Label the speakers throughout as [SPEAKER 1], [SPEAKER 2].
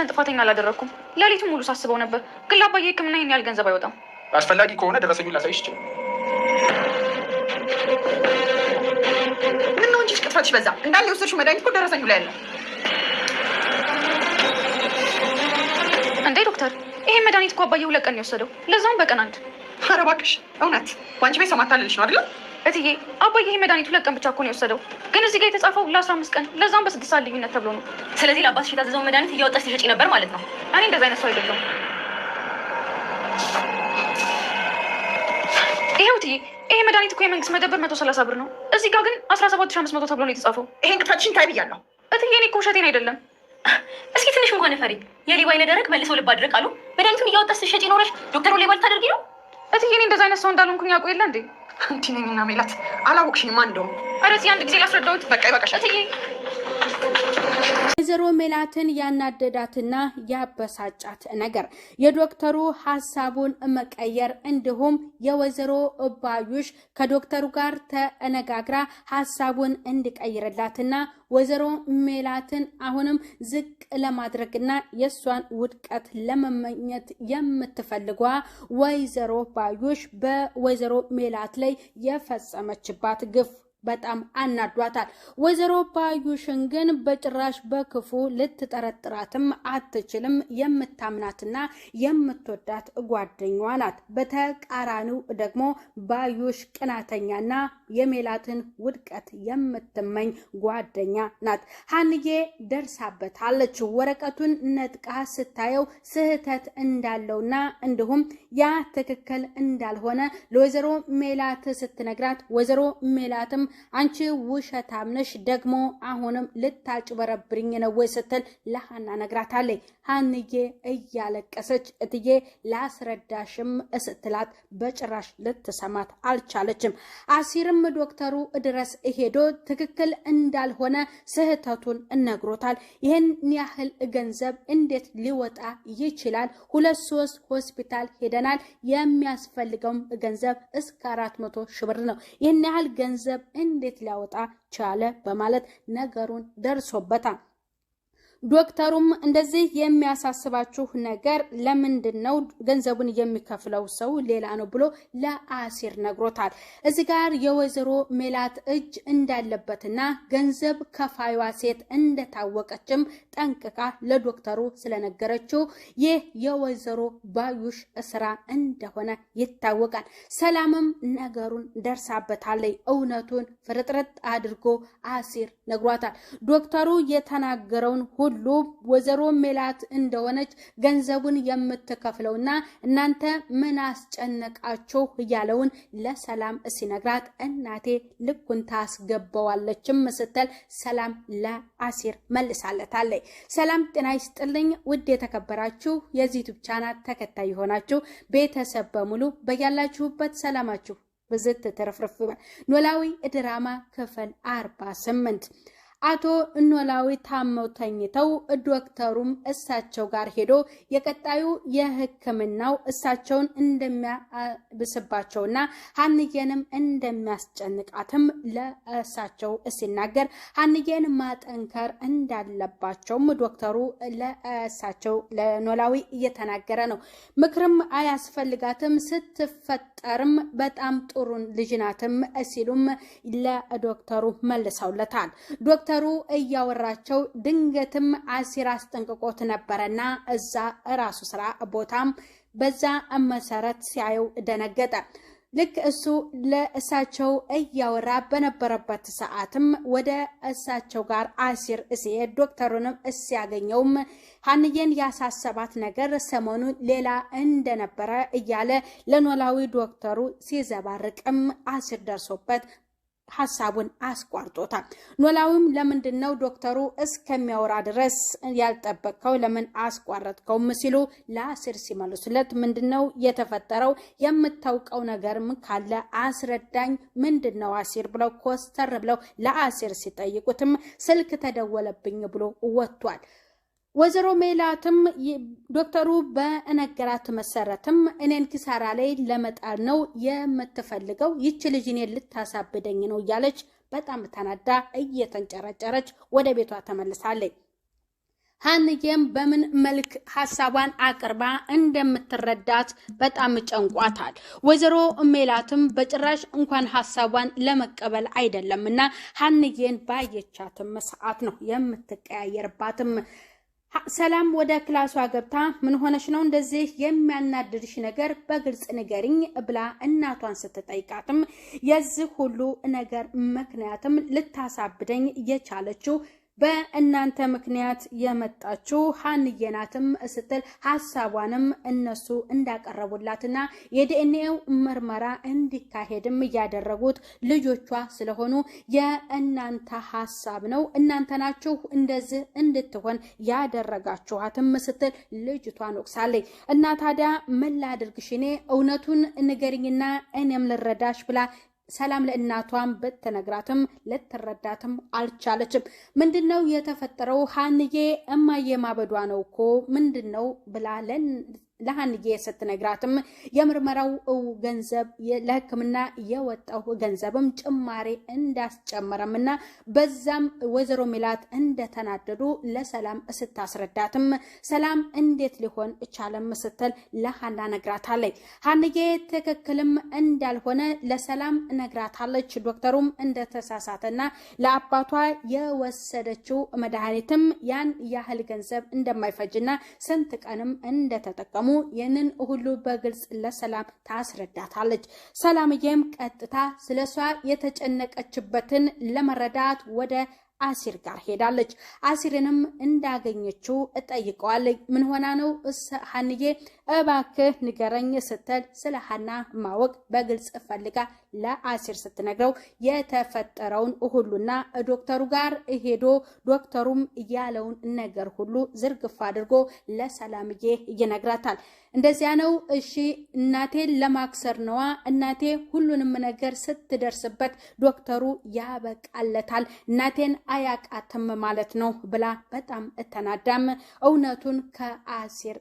[SPEAKER 1] አንተን ጥፋተኛ አላደረግኩም። ሌሊቱን ሙሉ ሳስበው ነበር፣ ግን ለአባዬ ሕክምና ይህን ያህል ገንዘብ አይወጣም። አስፈላጊ ከሆነ ደረሰኙን ላሳይሽ ይችላል። ምነው እንጂ ቅጥፈትሽ በዛ። እንዳለ የወሰድሽው መድኃኒት እኮ ደረሰኙ ላይ ያለ። እንዴ ዶክተር፣ ይሄ መድኃኒት እኮ አባዬ ሁለት ቀን የወሰደው ለዛውም በቀን አንድ። ኧረ እባክሽ እውነት በአንቺ ቤት ሰው ነው አይደለም? እትዬ አባዬ ይሄ መድኃኒቱ ለቀን ብቻ እኮ ነው የወሰደው፣ ግን እዚህ ጋር የተጻፈው ለአስራ አምስት ቀን ለዛም በስድስት ሰዓት ልዩነት ተብሎ ነው። ስለዚህ ለአባትሽ የታዘዘውን መድኃኒት እያወጣሽ ተሸጪ ነበር ማለት ነው። እኔ እንደዚ አይነት ሰው አይደለም። ይሄው እትዬ ይሄ መድኃኒት እኮ የመንግስት መደብር መቶ ሰላሳ ብር ነው፣ እዚህ ጋር ግን አስራ ሰባት ሺህ አምስት መቶ ተብሎ ነው የተጻፈው። ይሄን ቅጣትሽን ታይ ብያለሁ እትዬ። እኔ እኮ ውሸቴን አይደለም። እስኪ ትንሽ እንኳን ፈሪ የሌባ አይነ ደረቅ መልሰው ልብ አድረቅ አሉ። መድኃኒቱን እያወጣሽ ተሸጪ ኖረሽ ዶክተሩን ሌባ ልታደርጊ ነው እትዬ። እኔ እንደዚ አይነት ሰው እንዳልሆንኩኝ ያውቁ የለ እንዴ? አንቲ ነኝና ሜላት አላወቅሽኝማ። እንደውም ኧረ እዚህ አንድ ጊዜ ላስረዳሁት። በቃ ይበቃሻል። ወይዘሮ ሜላትን ያናደዳትና ያበሳጫት ነገር የዶክተሩ ሀሳቡን መቀየር እንዲሁም የወይዘሮ ባዩሽ ከዶክተሩ ጋር ተነጋግራ ሀሳቡን እንዲቀይርላትና ወይዘሮ ሜላትን አሁንም ዝቅ ለማድረግና የእሷን ውድቀት ለመመኘት የምትፈልጓ ወይዘሮ ባዩሽ በወይዘሮ ሜላት ላይ የፈጸመችባት ግፍ በጣም አናዷታል። ወይዘሮ ባዩሽን ግን በጭራሽ በክፉ ልትጠረጥራትም አትችልም። የምታምናትና የምትወዳት ጓደኛዋ ናት። በተቃራኒው ደግሞ ባዩሽ ቅናተኛና የሜላትን ውድቀት የምትመኝ ጓደኛ ናት። ሀንዬ ደርሳበታለች። ወረቀቱን ነጥቃ ስታየው ስህተት እንዳለውና እንዲሁም ያ ትክክል እንዳልሆነ ለወይዘሮ ሜላት ስትነግራት ወይዘሮ ሜላትም አንቺ ውሸታም ነሽ ደግሞ አሁንም ልታጭበረብርኝ ነው ወይ ስትል ለሀና ነግራታለች። ሀንዬ እያለቀሰች እትዬ ላስረዳሽም ስትላት በጭራሽ ልትሰማት አልቻለችም። አሲርም ዶክተሩ ድረስ ሄዶ ትክክል እንዳልሆነ ስህተቱን እነግሮታል። ይህን ያህል ገንዘብ እንዴት ሊወጣ ይችላል? ሁለት ሶስት ሆስፒታል ሄደናል። የሚያስፈልገውም ገንዘብ እስከ አራት መቶ ሺህ ብር ነው። ይህን ያህል ገንዘብ እንዴት ሊያወጣ ቻለ? በማለት ነገሩን ደርሶበታል። ዶክተሩም እንደዚህ የሚያሳስባችሁ ነገር ለምንድን ነው ገንዘቡን የሚከፍለው ሰው ሌላ ነው ብሎ ለአሲር ነግሮታል። እዚህ ጋር የወይዘሮ ሜላት እጅ እንዳለበትና ገንዘብ ከፋይዋ ሴት እንደታወቀችም ጠንቅቃ ለዶክተሩ ስለነገረችው ይህ የወይዘሮ ባዩሽ ስራ እንደሆነ ይታወቃል። ሰላምም ነገሩን ደርሳበታለይ። እውነቱን ፍርጥርጥ አድርጎ አሲር ነግሯታል። ዶክተሩ የተናገረውን ሁሉ ወይዘሮ ሜላት እንደሆነች ገንዘቡን የምትከፍለውና እናንተ ምን አስጨነቃችሁ እያለውን ለሰላም ሲነግራት እናቴ ልኩን ታስገባዋለችም ስትል ሰላም ለአሲር መልሳለታለች። ሰላም ጤና ይስጥልኝ ውድ የተከበራችሁ የዚህ ዩቱብ ቻናል ተከታይ የሆናችሁ ቤተሰብ በሙሉ በያላችሁበት ሰላማችሁ ብዝት ትርፍርፍ። ኖላዊ ድራማ ክፍል አርባ ስምንት አቶ ኖላዊ ታመው ተኝተው ዶክተሩም እሳቸው ጋር ሄዶ የቀጣዩ የሕክምናው እሳቸውን እንደሚያብስባቸውና ሀንዬንም እንደሚያስጨንቃትም ለእሳቸው ሲናገር ሀንዬን ማጠንከር እንዳለባቸውም ዶክተሩ ለእሳቸው ለኖላዊ እየተናገረ ነው። ምክርም አያስፈልጋትም ስትፈጠርም በጣም ጥሩን ልጅናትም ሲሉም ለዶክተሩ መልሰውለታል። ዶክተሩ እያወራቸው ድንገትም አሲር አስጠንቅቆት ነበረና እዛ እራሱ ስራ ቦታም በዛ መሰረት ሲያየው ደነገጠ። ልክ እሱ ለእሳቸው እያወራ በነበረበት ሰዓትም ወደ እሳቸው ጋር አሲር ሲሄድ ዶክተሩንም ሲያገኘውም ሀንዬን ያሳሰባት ነገር ሰሞኑን ሌላ እንደነበረ እያለ ለኖላዊ ዶክተሩ ሲዘባርቅም አሲር ደርሶበት ሀሳቡን አስቋርጦታል። ኖላዊም ለምንድን ነው ዶክተሩ እስከሚያወራ ድረስ ያልጠበቅከው ለምን አስቋረጥከውም? ሲሉ ለአሲር ሲመልሱለት ምንድን ነው የተፈጠረው የምታውቀው ነገርም ካለ አስረዳኝ፣ ምንድን ነው አሲር ብለው ኮስተር ብለው ለአሲር ሲጠይቁትም ስልክ ተደወለብኝ ብሎ ወጥቷል። ወይዘሮ ሜላትም ዶክተሩ በነገራት መሰረትም እኔን ኪሳራ ላይ ለመጣል ነው የምትፈልገው፣ ይች ልጅ እኔን ልታሳብደኝ ነው እያለች በጣም ተናዳ እየተንጨረጨረች ወደ ቤቷ ተመልሳለች። ሀንዬም በምን መልክ ሀሳቧን አቅርባ እንደምትረዳት በጣም ጨንቋታል። ወይዘሮ ሜላትም በጭራሽ እንኳን ሀሳቧን ለመቀበል እና ሀንዬን ባየቻትም ሰዓት ነው የምትቀያየርባትም ሰላም ወደ ክላሷ ገብታ ምን ሆነሽ ነው እንደዚህ የሚያናድድሽ ነገር በግልጽ ንገሪኝ ብላ እናቷን ስትጠይቃትም የዚህ ሁሉ ነገር ምክንያትም ልታሳብደኝ የቻለችው በእናንተ ምክንያት የመጣችው ናትም ስትል ሀሳቧንም እነሱ እንዳቀረቡላትና የዲኤንኤው ምርመራ እንዲካሄድም እያደረጉት ልጆቿ ስለሆኑ የእናንተ ሀሳብ ነው፣ እናንተ ናችሁ እንደዚህ እንድትሆን ያደረጋችኋትም ስትል ልጅቷ ነቁሳለች። እና ታዲያ ምን ላድርግሽ እኔ እውነቱን ንገሪኝና እኔም ልረዳሽ ብላ ሰላም ለእናቷም ብትነግራትም ልትረዳትም አልቻለችም። ምንድን ነው የተፈጠረው? ሀንዬ እማዬ ማበዷ ነው እኮ ምንድን ነው ብላ ለሀንዬ ስትነግራትም የምርመራው ገንዘብ ለሕክምና የወጣው ገንዘብም ጭማሬ እንዳስጨመረም እና በዛም ወይዘሮ ሚላት እንደተናደዱ ለሰላም ስታስረዳትም ሰላም እንዴት ሊሆን እቻለም ስትል ለሀና ነግራታለች። ሀንዬ ትክክልም እንዳልሆነ ለሰላም ነግራታለች። ዶክተሩም እንደተሳሳተና ለአባቷ የወሰደችው መድኃኒትም ያን ያህል ገንዘብ እንደማይፈጅና ስንት ቀንም እንደተጠቀሙ ሰላሙ ይህንን ሁሉ በግልጽ ለሰላም ታስረዳታለች። ሰላምዬም ቀጥታ ስለ እሷ የተጨነቀችበትን ለመረዳት ወደ አሲር ጋር ሄዳለች። አሲርንም እንዳገኘችው እጠይቀዋለች። ምን ሆና ነው እስ ሀንዬ እባክህ ንገረኝ ስትል ስለ ሀና ማወቅ በግልጽ ፈልጋ ለአሲር ስትነግረው የተፈጠረውን ሁሉና ዶክተሩ ጋር ሄዶ ዶክተሩም ያለውን ነገር ሁሉ ዝርግፍ አድርጎ ለሰላምዬ ይነግራታል። እንደዚያ ነው እሺ፣ እናቴን ለማክሰር ነዋ። እናቴ ሁሉንም ነገር ስትደርስበት ዶክተሩ ያበቃለታል፣ እናቴን አያቃትም ማለት ነው ብላ በጣም እተናዳም እውነቱን ከአሲር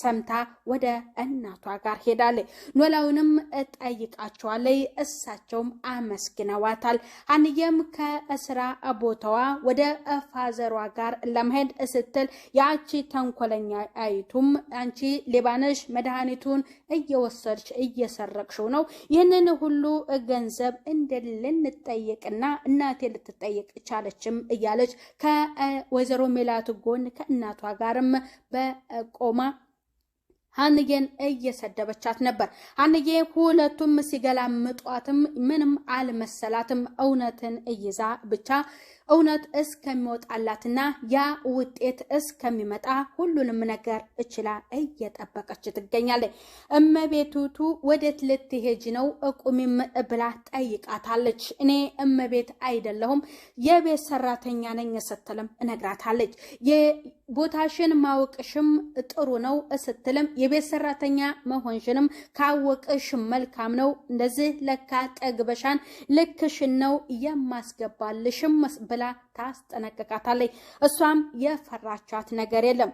[SPEAKER 1] ሰምታ ወደ እናቷ ጋር ሄዳለች። ኖላዊንም ጠይቃቸዋለች። እሳቸውም አመስግነዋታል። ሀንዬም ከስራ ቦታዋ ወደ ፋዘሯ ጋር ለመሄድ ስትል የአንቺ ተንኮለኛ አይቱም አንቺ ሌባነሽ መድኃኒቱን እየወሰድሽ እየሰረቅሽው ነው ይህንን ሁሉ ገንዘብ እንደ ልንጠየቅና እናቴ ልትጠየቅ ቻለችም እያለች ከወይዘሮ ሜላት ጎን ከእናቷ ጋርም በቆማ ሀንዬን እየሰደበቻት ነበር። ሀንዬ ሁለቱም ሲገላምጧትም ምንም አልመሰላትም። እውነትን እይዛ ብቻ እውነት እስከሚወጣላትና ያ ውጤት እስከሚመጣ ሁሉንም ነገር እችላ እየጠበቀች ትገኛለች። እመቤቱቱ ወዴት ልትሄጂ ነው እቁሚም ብላ ጠይቃታለች። እኔ እመቤት አይደለሁም የቤት ሰራተኛ ነኝ ስትልም እነግራታለች። ቦታሽን ማወቅሽም ጥሩ ነው ስትልም የቤት ሰራተኛ መሆንሽንም ካወቅሽም መልካም ነው እንደዚህ ለካ ጠግበሻን ልክሽን ነው የማስገባልሽም ብላ ታስጠነቅቃታለች። እሷም የፈራቻት ነገር የለም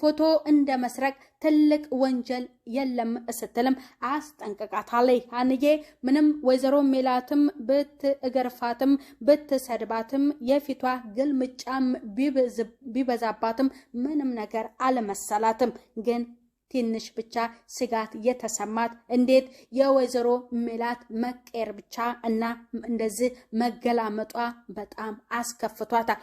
[SPEAKER 1] ፎቶ እንደ መስረቅ ትልቅ ወንጀል የለም ስትልም አስጠንቅቃታለች። አንዬ ምንም ወይዘሮ ሜላትም ብትእገርፋትም ብትሰድባትም የፊቷ ግልምጫም ቢበዛባትም ምንም ነገር አልመሰላትም ግን ትንሽ ብቻ ስጋት የተሰማት እንዴት የወይዘሮ ሜላት መቀየር ብቻ እና እንደዚህ መገላመጧ በጣም አስከፍቷታል።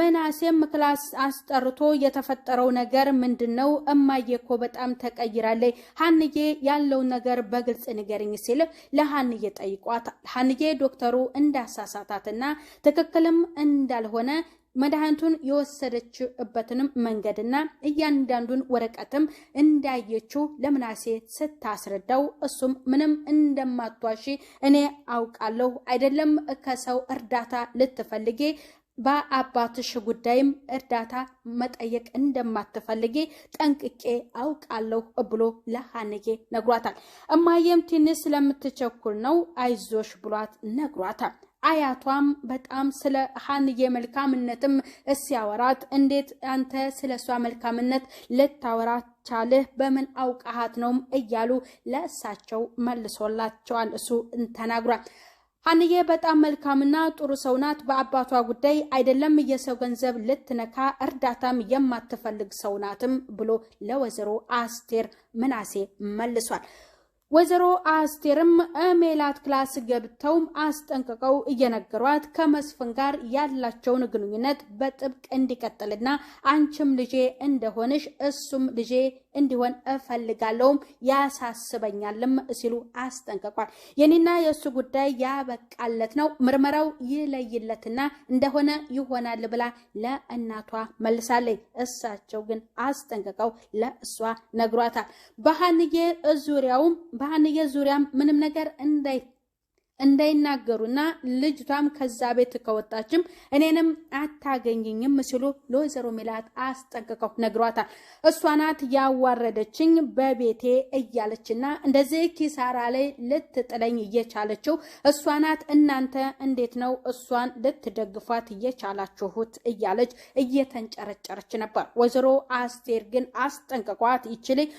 [SPEAKER 1] መናሴም ክላስ አስጠርቶ የተፈጠረው ነገር ምንድን ነው? እማዬ እኮ በጣም ተቀይራለች፣ ሀንዬ ያለውን ነገር በግልጽ ንገርኝ ሲል ለሀንዬ ጠይቋታል። ሀንዬ ዶክተሩ እንዳሳሳታትና ትክክልም እንዳልሆነ መድኃኒቱን የወሰደችበትንም መንገድና እያንዳንዱን ወረቀትም እንዳየችው ለምናሴ ስታስረዳው እሱም ምንም እንደማትዋሺ እኔ አውቃለሁ አይደለም ከሰው እርዳታ ልትፈልጌ በአባትሽ ጉዳይም እርዳታ መጠየቅ እንደማትፈልጌ ጠንቅቄ አውቃለሁ ብሎ ለሀንጌ ነግሯታል። እማየም ትንሽ ስለምትቸኩል ነው አይዞሽ ብሏት ነግሯታል። አያቷም በጣም ስለ ሀንዬ መልካምነትም እሲያወራት እንዴት አንተ ስለ እሷ መልካምነት ልታወራት ቻልህ? በምን አውቃሃት ነውም እያሉ ለእሳቸው መልሶላቸዋል። እሱ ተናግሯል። ሀንዬ በጣም መልካምና ጥሩ ሰው ናት። በአባቷ ጉዳይ አይደለም የሰው ገንዘብ ልትነካ እርዳታም የማትፈልግ ሰው ናትም ብሎ ለወይዘሮ አስቴር ምናሴ መልሷል። ወይዘሮ አስቴርም ሜላት ክላስ ገብተውም አስጠንቅቀው እየነገሯት ከመስፍን ጋር ያላቸውን ግንኙነት በጥብቅ እንዲቀጥልና አንቺም ልጄ እንደሆንሽ እሱም ልጄ እንዲሆን እፈልጋለሁም ያሳስበኛልም ሲሉ አስጠንቅቋል። የኔና የእሱ ጉዳይ ያበቃለት ነው፣ ምርመራው ይለይለትና እንደሆነ ይሆናል ብላ ለእናቷ መልሳለች። እሳቸው ግን አስጠንቅቀው ለእሷ ነግሯታል። በሀንዬ ዙሪያውም በሀንዬ ዙሪያም ምንም ነገር እንዳይ እንዳይናገሩና ልጅቷም ከዛ ቤት ከወጣችም እኔንም አታገኝኝም ሲሉ ለወይዘሮ ሜላት አስጠንቅቀው ነግሯታል። እሷ ናት ያዋረደችኝ በቤቴ እያለችና እንደዚህ ኪሳራ ላይ ልትጥለኝ እየቻለችው እሷ ናት። እናንተ እንዴት ነው እሷን ልትደግፏት እየቻላችሁት? እያለች እየተንጨረጨረች ነበር። ወይዘሮ አስቴር ግን አስጠንቅቋት ይችልኝ